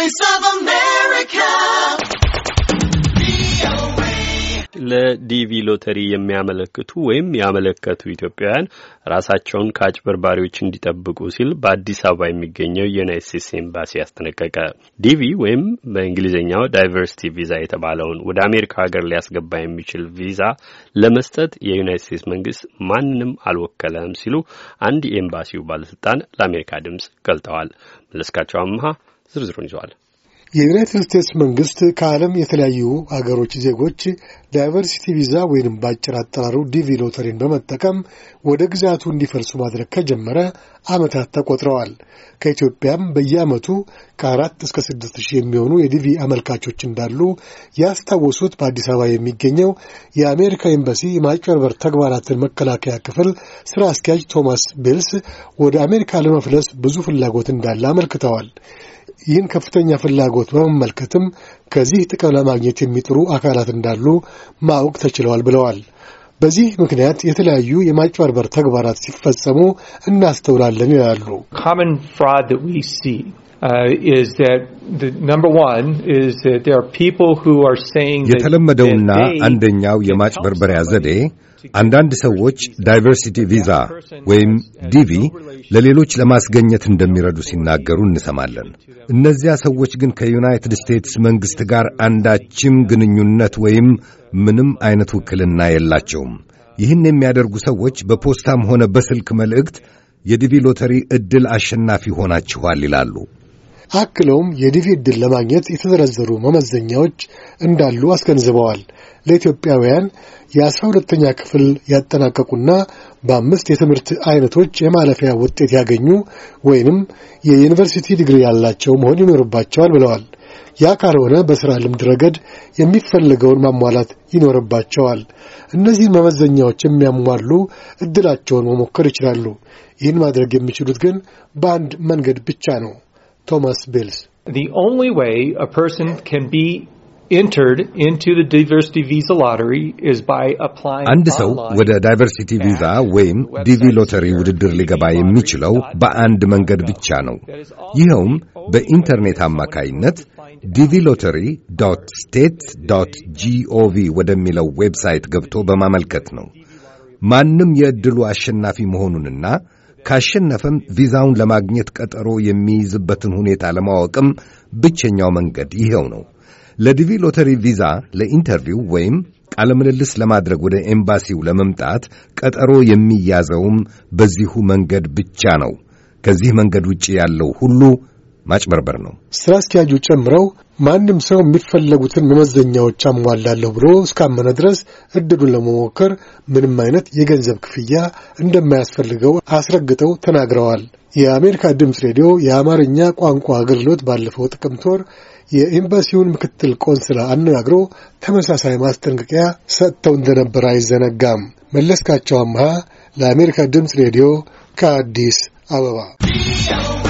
Voice of America. ለዲቪ ሎተሪ የሚያመለክቱ ወይም ያመለከቱ ኢትዮጵያውያን ራሳቸውን ከአጭበርባሪዎች እንዲጠብቁ ሲል በአዲስ አበባ የሚገኘው የዩናይት ስቴትስ ኤምባሲ ያስጠነቀቀ። ዲቪ ወይም በእንግሊዝኛው ዳይቨርሲቲ ቪዛ የተባለውን ወደ አሜሪካ ሀገር ሊያስገባ የሚችል ቪዛ ለመስጠት የዩናይት ስቴትስ መንግስት ማንንም አልወከለም ሲሉ አንድ የኤምባሲው ባለስልጣን ለአሜሪካ ድምጽ ገልጠዋል። መለስካቸው አምሃ ዝርዝሩን ይዘዋል። የዩናይትድ ስቴትስ መንግስት ከዓለም የተለያዩ አገሮች ዜጎች ዳይቨርሲቲ ቪዛ ወይንም በአጭር አጠራሩ ዲቪ ሎተሪን በመጠቀም ወደ ግዛቱ እንዲፈልሱ ማድረግ ከጀመረ ዓመታት ተቆጥረዋል። ከኢትዮጵያም በየዓመቱ ከአራት እስከ ስድስት ሺህ የሚሆኑ የዲቪ አመልካቾች እንዳሉ ያስታወሱት በአዲስ አበባ የሚገኘው የአሜሪካ ኤምባሲ የማጭበርበር ተግባራትን መከላከያ ክፍል ስራ አስኪያጅ ቶማስ ቤልስ ወደ አሜሪካ ለመፍለስ ብዙ ፍላጎት እንዳለ አመልክተዋል። ይህን ከፍተኛ ፍላጎት በመመልከትም ከዚህ ጥቅም ለማግኘት የሚጥሩ አካላት እንዳሉ ማወቅ ተችለዋል ብለዋል። በዚህ ምክንያት የተለያዩ የማጭበርበር ተግባራት ሲፈጸሙ እናስተውላለን ይላሉ። የተለመደውና አንደኛው የማጭበርበሪያ ዘዴ አንዳንድ ሰዎች ዳይቨርሲቲ ቪዛ ወይም ዲቪ uh, ለሌሎች ለማስገኘት እንደሚረዱ ሲናገሩ እንሰማለን። እነዚያ ሰዎች ግን ከዩናይትድ ስቴትስ መንግሥት ጋር አንዳችም ግንኙነት ወይም ምንም አይነት ውክልና የላቸውም። ይህን የሚያደርጉ ሰዎች በፖስታም ሆነ በስልክ መልእክት የዲቪ ሎተሪ ዕድል አሸናፊ ሆናችኋል ይላሉ። አክለውም የዲቪ ዕድል ለማግኘት የተዘረዘሩ መመዘኛዎች እንዳሉ አስገንዝበዋል። ለኢትዮጵያውያን የአስራ ሁለተኛ ክፍል ያጠናቀቁና በአምስት የትምህርት አይነቶች የማለፊያ ውጤት ያገኙ ወይንም የዩኒቨርሲቲ ዲግሪ ያላቸው መሆን ይኖርባቸዋል ብለዋል። ያ ካልሆነ በሥራ ልምድ ረገድ የሚፈለገውን ማሟላት ይኖርባቸዋል። እነዚህን መመዘኛዎች የሚያሟሉ ዕድላቸውን መሞከር ይችላሉ። ይህን ማድረግ የሚችሉት ግን በአንድ መንገድ ብቻ ነው። ቶማስ ቤልስ the only way a person can be entered into the diversity visa lottery is by applying አንድ ሰው ወደ ዳይቨርሲቲ ቪዛ ወይም ዲቪ ሎተሪ ውድድር ሊገባ የሚችለው በአንድ መንገድ ብቻ ነው። ይኸውም በኢንተርኔት አማካይነት ዲቪ ሎተሪ ዶት ስቴት ዶት ጂኦቪ ወደሚለው ዌብሳይት ገብቶ በማመልከት ነው። ማንም የዕድሉ አሸናፊ መሆኑንና ካሸነፈም ቪዛውን ለማግኘት ቀጠሮ የሚይዝበትን ሁኔታ ለማወቅም ብቸኛው መንገድ ይኸው ነው። ለዲቪ ሎተሪ ቪዛ ለኢንተርቪው ወይም ቃለ ምልልስ ለማድረግ ወደ ኤምባሲው ለመምጣት ቀጠሮ የሚያዘውም በዚሁ መንገድ ብቻ ነው። ከዚህ መንገድ ውጭ ያለው ሁሉ ማጭበርበር ነው። ስራ አስኪያጁ ጨምረው ማንም ሰው የሚፈለጉትን መመዘኛዎች አሟላለሁ ብሎ እስካመነ ድረስ እድሉን ለመሞከር ምንም አይነት የገንዘብ ክፍያ እንደማያስፈልገው አስረግጠው ተናግረዋል። የአሜሪካ ድምፅ ሬዲዮ የአማርኛ ቋንቋ አገልግሎት ባለፈው ጥቅምት ወር የኤምባሲውን ምክትል ቆንስላ አነጋግሮ ተመሳሳይ ማስጠንቀቂያ ሰጥተው እንደነበር አይዘነጋም። መለስካቸው አምሃ ለአሜሪካ ድምፅ ሬዲዮ ከአዲስ አበባ